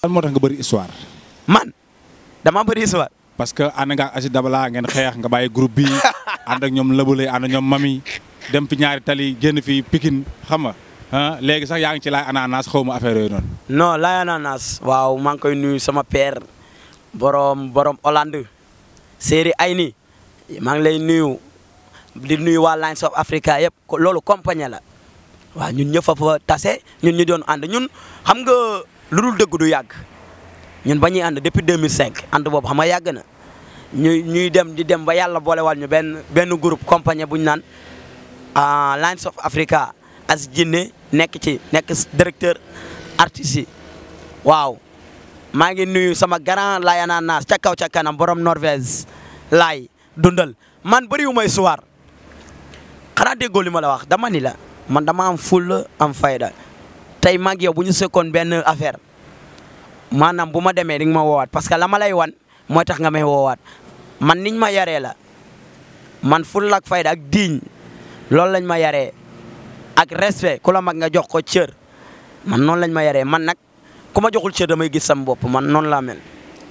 lan moo tax nga bëri histoire. man dama bëri histoire. parce que ànd nga ak Aziz Dabala ngeen xeex nga bàyyi groupe bi ànd a ñoom Lëbële ànd ak ñoom Mami dem fi ñaari tali génn fi Pikine xam nga léegi sax yaa ngi ci laay ananas xaw ma affaire yooyu noonu. no laay ananas waaw maa ngi koy nuyu sama père boroom borom Hollande ay ni maa ngi lay nuyu di nuyu waa Lines of Africa yëpp loolu compagnie la waaw ñun ñëpp fa fa tase ñun ñu doon ànd ñun xam nga. lu dul dëgg du yàgg ñun ba ñuy ànd depuis 2005 ànd boobu xama nga yàgg na ñu ñuy dem di dem ba yàlla boolewal ñu benn benn groupe compagnie bu ñu naan ah, Lines of Africa as jinne nekk ci nekk directeur artiste waaw maa ngi nuyu sama grand laayana naas ca kaw ca kanam borom Norvège lay dundal man bëriwu may suwaar xanaa déggoo li ma la wax dama ni la man dama am fulla am fayda tey mag yow bu ñu sekkoon benn affaire maanaam bu ma demee di ma woowaat parce que la ma lay wan mooy tax nga may woowaat man niñ ma yaree la man fulla ak fayda ak diiñ loolu lañ ma yaree ak respect ku la mag nga jox ko cër man noonu lañ ma yaree man nag ku ma joxul cër damay gis sam bopp man noonu laa mel.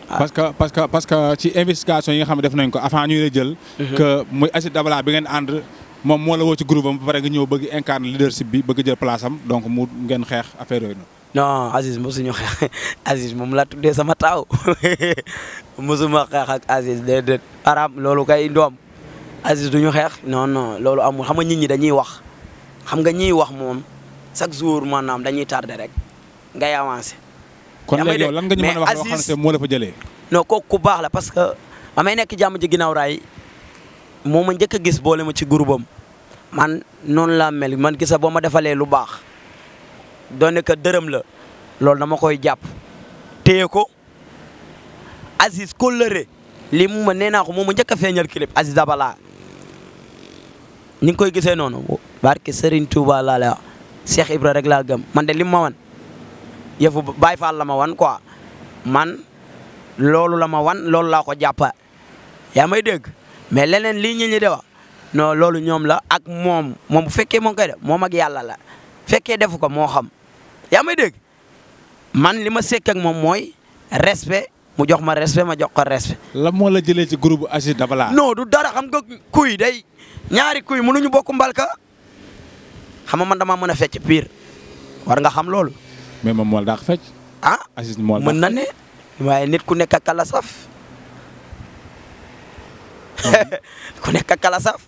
parce que parce que parce que ci investigation yi nga xam def nañ ko avant ñuy la jël. Mhm. que muy Aziz Dabala bi ngeen ànd. moom moo la woo ci groupe am ba pare nga ñëw bëgg incarne leadership bi bëgg jël place am donc mu ngeen xeex affaire yooyu noonu. non Aziz xeex Aziz moom laa tuddee sama taaw mosuma xeex ak Aziz déedéet. araam loolu kay doom Aziz duñu xeex non loolu amul xam nga nit ñi dañuy wax xam nga ñiy wax moom chaque jour maanaam dañuy tardé rek ngay avancé. kon léegi yow lan nga ñu mën a wax moo la fa jëlee. non kooku ku baax la parce que amay nekk jàmm ji ginnaaw raay moo ma njëkk a gis boole ma ci groupe man noonu laa mel man gisa boo ma defalee lu baax doone que dërëm la loolu dama koy jàpp téye ko Aziz Kollëre li mu ma nee naa ko moo ma njëkk a feeñal clip Aziz Dabala ni koy gisee noonu barke Serigne Touba laa la Cheikh Ibra rek laa gëm man de li ma wan yëfu Baye Fall la ma wan quoi man loolu la ma wan loolu laa ko jàppa yaa may dégg mais leneen lii ñi ñi di wax loolu ñoom la ak moom moom bu fekkee moo ngi koy def moom ak yàlla la fekkee defu ko moo xam yaa may dégg man li ma sekk ak moom mooy respect mu jox ma respect ma jox ko respect. lan moo la jëlee ci groupe Aziz Dabala. non du dara xam nga kuy day ñaari kuy mënuñu bokk mbalka xam nga man damaa mën a fecc piir war nga xam loolu. mais moom moo la daax fecc. ah Aziz moo la mën na ne waaye nit ku nekk ak kala saf. ku nekk ak kala saf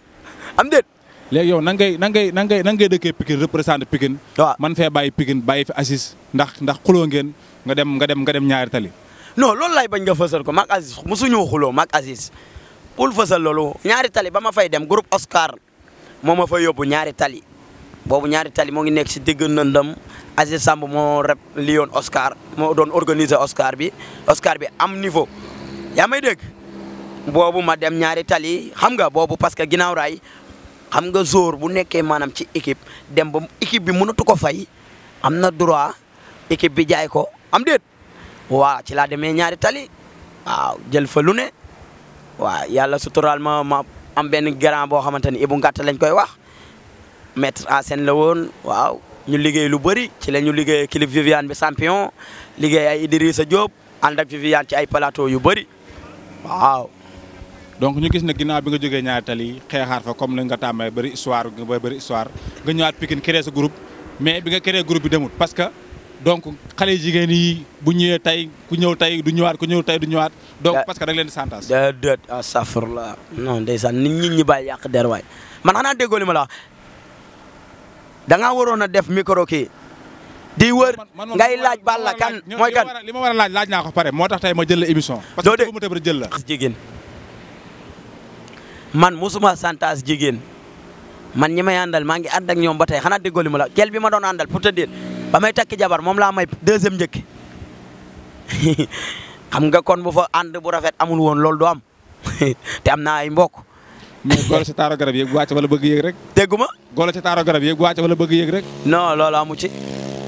am déet. léegi yow nan ngay nan ngay nan ngay nan ngay dëkkee Pikine représenté Pikine. waaw man fee bàyyi Pikine bàyyi fi Aziz ndax ndax xuloo ngeen nga dem nga dem nga dem ñaari tali. non loolu laay bañ nga fësal ko maag Aziz mosuñu xuloo maag Aziz bul fësal loolu ñaari tali ba ma fay dem groupe Oscar moo ma fa yóbbu ñaari tali boobu ñaari tali moo ngi nekk si digg ndam Aziz Samb moo rep liyoon Oscar moo doon organiser Oscar bi Oscar bi am niveau yaa may dégg. boobu ma dem ñaari tali xam nga boobu parce que ginnaaw raay xam nga jour bu nekkee maanaam ci equipe dem ba équipe bi mënatu ko fay am na droit équipe bi jaay ko am déet waaw ci laa demee ñaari tali waaw jël fa lu ne waaw yàlla suturaal ma ma am benn grand boo xamante ni Ibou Ngatta lañ koy wax maître en scène la woon waaw ñu liggéey lu bëri ci la ñu liggéey clip Viviane bi champion liggéey ay Idrissa Diop ànd ak Viviane ci ay plateau yu bëri waaw donc ñu gis ne ginnaaw bi nga jógee ñaari tali xeexaar fa comme ni nga tàmbalee bëri histoire nga bëri histoire nga ñëwaat Pikine créer sa groupe mais bi nga créer groupe bi demut parce que donc xale jigéen yi bu ñëwee tey ku ñëw tey du ñëwaat ku ñëw tey du ñëwaat. donc parce que a leen di santas. da da astafurlah ah, non ndeysaan nit ñi ñi bàyyi yàq der waay man xanaa déggoo li ma la wax da waroon a def micro kii. di wër ngay laaj Balla kan mooy kan. li ma war a laaj laaj naa ko pare moo tax tey man musuma santaas jigéen man ñi may àndal maa ngi ànd ak ñoom ba tey xanaa déggoo li la kel bi ma doon àndal pour te dire ba may takki jabar moom laa may deuxième njëkk xam nga kon bu fa ànd bu rafet amul woon loolu du am te am naa ay mbokk. mais golo ci taaro garab yéeg wàcc wala bëgg yéeg rek. dégguma golo ci taaro garab yéeg wala bëgg yéeg rek. non loolu amu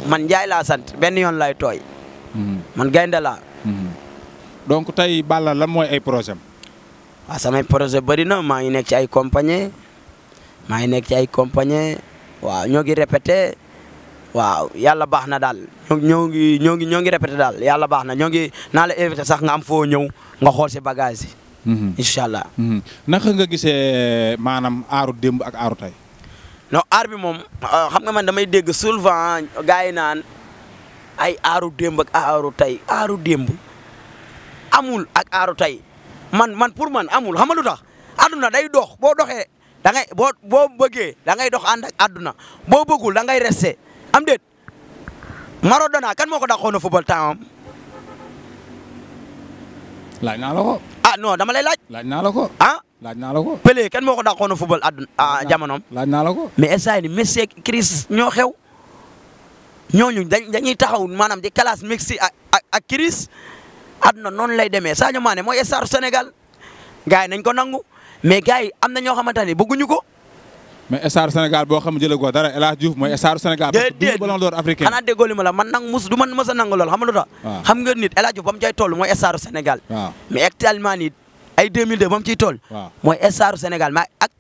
man Ndiaye laa sant benn yoon lay tooy. Hmm. man gaynde laa. Hmm. donc tey Balla la mooy ay projet waaw ah, samay projet bëri na maa ngi nekk ci ay compagnie maa ngi nekk ci ay compagnie waaw ñoo ngi répété waaw yàlla baax na daal ñoo ngi ñoo ngi ñoo ngi répété daal yàlla baax na ñoo ngi naa la invité sax nga am foo ñëw nga xool si bagage yi. Mhm. incha allah. Mhm. naka nga gisee maanaam aaru démb ak aaru tey. non aar bi moom ah, xam nga man damay dégg souvent gars yi naan ay aaru démb ak aaru tey aaru démb amul ak aaru tey. man man pour man amul xam nga lu tax adduna day dox boo doxee da ngay boo boo bëggee da ngay dox ànd ak adduna boo bëggul da ngay resté am déet Maradona kan moo ko dàqoon a football temps am. laaj naa la ko. Ah, dama lay laaj. laaj naa la ko. ah laaj naa ko. kan moo ko dàqoon a football adduna ah jamonoom. laaj naa la ko. mais instant yii Messi Chris ñoo xew ñooñu dañuy taxaw maanaam di classe Messi ak ak Chris àdduna noonu lay demee Sadio Mané mooy star Sénégal gars yi nañ ko nangu mais gars yi am na ñoo xamante ne bëgguñu ko. mais star Sénégal boo xam ne jëlee ko dara El Hadj Diouf mooy star Sénégal. déedéet ballon d'or africain xanaa déggoo li ma la man nang mus du man mës a nangu lool nit El Hadj Diouf ba mu cay star Sénégal. mais actuellement nii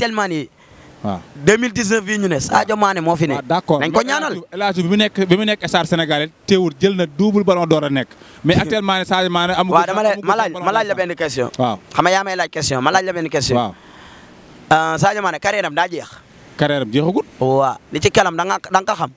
nii waaw 2019 bii ñu ne Sadio Mané moo fi ne. waaw d' nañ ko ñaanal El Hadj bi mu nekk bi mu nekk star sénégalais teewul jël na double ballon d'or a nekk mais actuellement Sadio Mané amul. waaw dama lay ma laaj ma laaj la benn question. waaw xam nga yaa may laaj question ma la benn question. waaw euh, Sadio Mané carrière am daa jeex. carrière am jeexagul. waaw li ci kanam da nga da nga ko xam.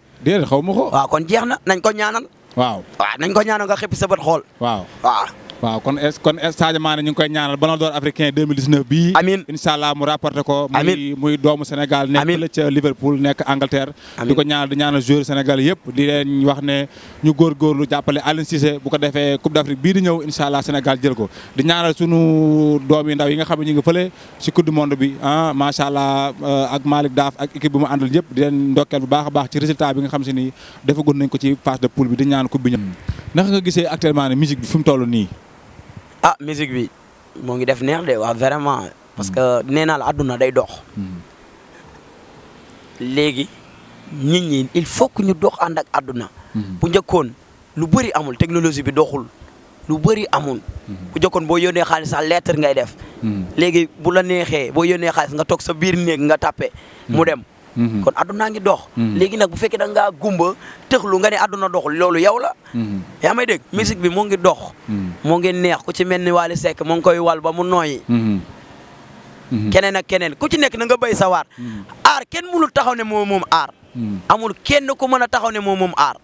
xaw ma ko. waaw kon jeex na nañ ko ñaanal. waaw waaw nañ ko ñaanal nga xëpp sa bët xool. waaw waaw. waaw kon kon Sadio Mané ñu ngi koy ñaanal ballon d'or africain 2019 bii. amiin incha allah mu rapporté ko. muy muy doomu Sénégal. amiin nekk ca Liverpool nekk Angleterre. di ko ñaanal di ñaanal joueur Sénégal yëpp di leen wax ne ñu góorgóorlu jàppale Aliou Cissé bu ko defee Coupe d'Afrique bii di ñëw incha allah Sénégal jël ko. di ñaanal sunu doom yi ndaw yi nga xam ne nga ngi fële si coupe du monde bi ah macha allah euh, ak Malick Daaf ak équipe bi mu àndal yëpp di leen ndokkeel bu baax a baax ci résultat bi nga xam si ni defagun ko ci phase de bi di ñaan coupe bi ñëw naka nga gisee actuellement ne musique bi fi tollu nii. ah musique bi moo ngi def neex de waa vraiment parce que nee naa la àdduna day dox. léegi nit ñi il faut que ñu dox ànd ak àdduna. Mm-hmm. bu njëkkoon lu bëri amul technologie bi doxul lu bëri amul. Mm-hmm. bu njëkkoon boo yónnee xaalis sax lettre ngay def. Mm-hmm. léegi bu la neexee boo yónnee xaalis nga toog sa biir néeg nga tappe mu dem. Mm-hmm. kon addunaa ngi dox mm-hmm. léegi nag bu fekkee da ngaa gumba tëxlu nga ne adduna doxul loolu yow la mm-hmm. yaa may dégg bi moo ngi dox moo ngi neex ku ci mel ni Wally Seck moo ngi koy wal ba mu nooyi keneen ak keneen ku ci nekk na nga bay sa waar aar kenn mënul taxaw ne moom moom aar amul kenn ku mën a taxaw ne moom moom aar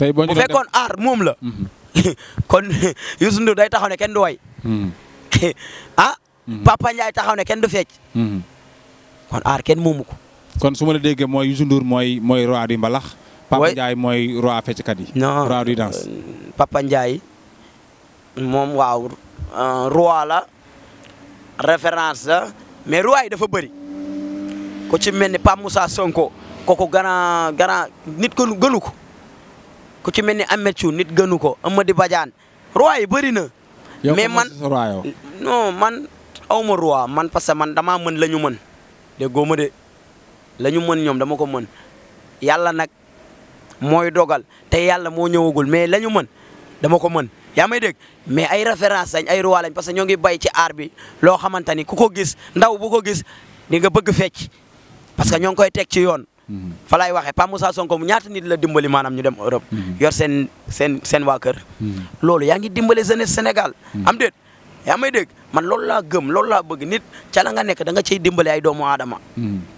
tey bu fekkoon aar moom la kon Youssou Ndour day taxaw ne kenn du way ah Papa Ndiaye taxaw ne kenn du fecc kon aar kenn moomu ko. kon su ma la déggee mooy Youssou mooy mooy roi mbalax. Papa Ndiaye mooy roi fecckat yi. Euh, moom waaw euh, roi la référence la mais roi yi dafa bëri ku ci mel ni Pape Moussa Sonko kooku grand grand nit gënu gënu ko ku ci mel ni Ahmed Thiou nit gënu ko Amady Badiane roi yi bëri na. mais man non man awma roi man parce que man dama mën la mën. te góoma de la ñu mën ñoom dama ko mën yàlla nag mooy dogal te yàlla moo ñëwagul mais la ñu mën dama ko mën yaa may dégg mais ay référence lañ ay roi lañ parce que ñoo ngi bay ci aar bi loo xamante ni ku ko gis ndaw bu ko gis di nga bëgg fecc parce que ñoo ngi koy teg ci yoon mm-hmm. fa laay waxee Pa Moussa Sonko mu ñaata nit la dimbali maanaam ñu dem Europe mm-hmm. yor seen seen waa kër mm-hmm. loolu yaa dimbali jeunesse Sénégal am déet yaa may man loolu laa gëm loolu laa bëgg nit ca la nga nekk da nga cay dimbale ay doomu aadama hmm.